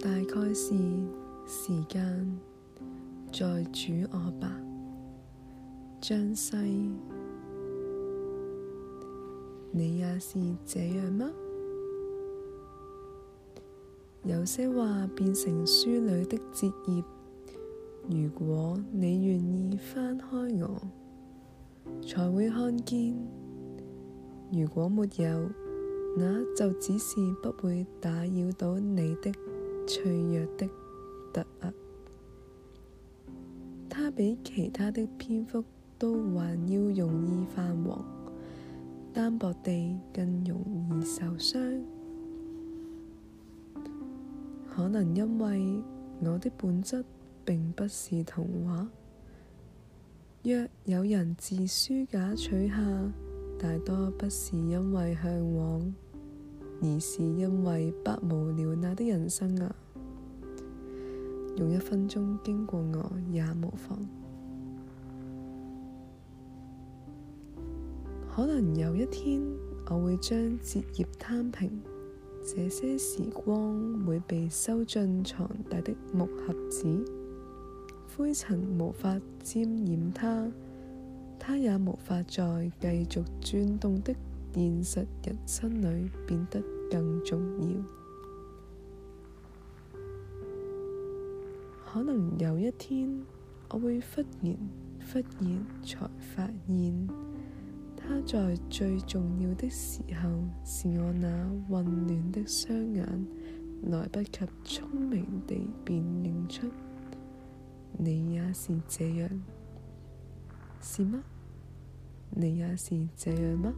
大概是時間在煮我吧，張西，你也是這樣嗎？有些話變成書裡的折頁，如果你願意翻開我，才會看見；如果沒有，那就只是不會打擾到你的。脆弱的特質，它比其他的篇幅都還要容易泛黃，單薄地更容易受傷。可能因為我的本質並不是童話。若有人自書架取下，大多不是因為向往。而是因為百無聊賴的人生啊，用一分鐘經過我也無妨。可能有一天我會將摺頁攤平，這些時光會被收進床底的木盒子，灰塵無法沾染它，它也無法再繼續轉動的。現實人生裏變得更重要，可能有一天我會忽然忽然才發現，他在最重要的時候是我那混亂的雙眼來不及聰明地辨認出，你也是這樣，是嗎？你也是這樣嗎？